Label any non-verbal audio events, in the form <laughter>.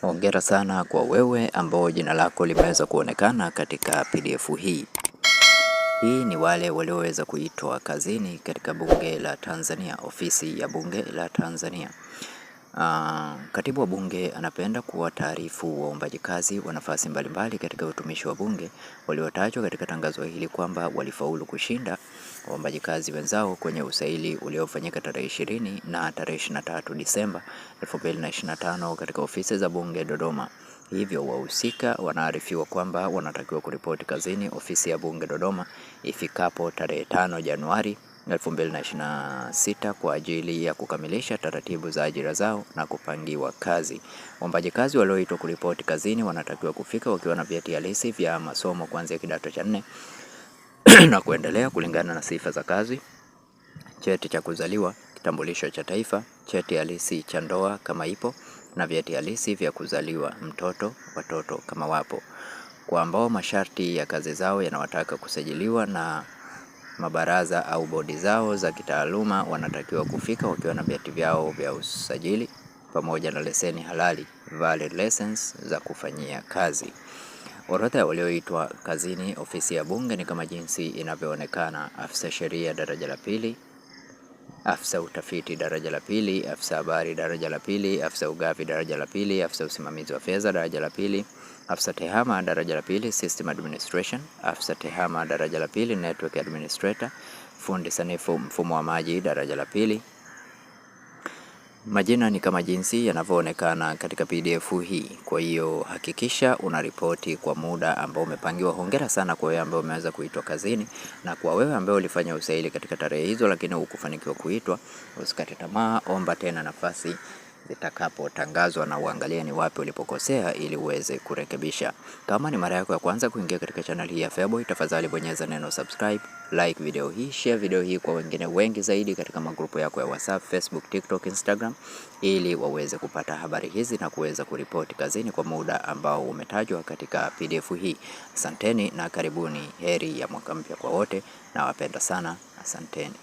Hongera sana kwa wewe ambao jina lako limeweza kuonekana katika PDF hii. Hii ni wale walioweza kuitwa kazini katika bunge la Tanzania, ofisi ya bunge la Tanzania. Uh, katibu wa Bunge anapenda taarifu waombaji kazi wa nafasi mbalimbali katika utumishi wa Bunge waliotajwa katika tangazo hili kwamba walifaulu kushinda waombaji kazi wenzao kwenye usaili uliofanyika tarehe 20 na tarehe 23 Disemba 2025 katika ofisi za Bunge Dodoma. Hivyo wahusika wanaarifiwa kwamba wanatakiwa kuripoti kazini ofisi ya Bunge Dodoma ifikapo tarehe 5 Januari 2026 kwa ajili ya kukamilisha taratibu za ajira zao na kupangiwa kazi. Waombaji kazi walioitwa kuripoti kazini wanatakiwa kufika wakiwa na vyeti halisi vya masomo kuanzia kidato cha nne <clears throat> na kuendelea kulingana na sifa za kazi, cheti cha kuzaliwa, kitambulisho cha taifa, cheti halisi cha ndoa kama ipo na vyeti halisi vya kuzaliwa mtoto, watoto kama wapo, kwa ambao masharti ya kazi zao yanawataka kusajiliwa na mabaraza au bodi zao za kitaaluma wanatakiwa kufika wakiwa na vyeti vyao vya usajili pamoja na leseni halali valid license za kufanyia kazi. Orodha walioitwa kazini ofisi ya Bunge ni kama jinsi inavyoonekana. Afisa sheria daraja la pili afisa utafiti daraja la pili, afisa habari daraja la pili, afisa ugavi daraja la pili, afisa usimamizi wa fedha daraja la pili, afisa tehama daraja la pili, system administration, afisa tehama daraja la pili, network administrator, fundi sanifu mfumo wa maji daraja la pili. Majina ni kama jinsi yanavyoonekana katika PDF hii. Kwa hiyo hakikisha unaripoti kwa muda ambao umepangiwa. Hongera sana kwa wewe ambaye umeweza kuitwa kazini na kwa wewe ambaye ulifanya usaili katika tarehe hizo, lakini hukufanikiwa kuitwa. Usikate tamaa, omba tena nafasi zitakapotangazwa na uangalie ni wapi ulipokosea ili uweze kurekebisha. Kama ni mara yako ya kwanza kuingia katika channel hii ya Feaboy, tafadhali bonyeza neno subscribe, like video hii, share video hii kwa wengine wengi zaidi katika magrupu yako ya WhatsApp, Facebook, TikTok, Instagram ili waweze kupata habari hizi na kuweza kuripoti kazini kwa muda ambao umetajwa katika PDF hii. Asanteni na karibuni. Heri ya mwaka mpya kwa wote, nawapenda sana. Asanteni.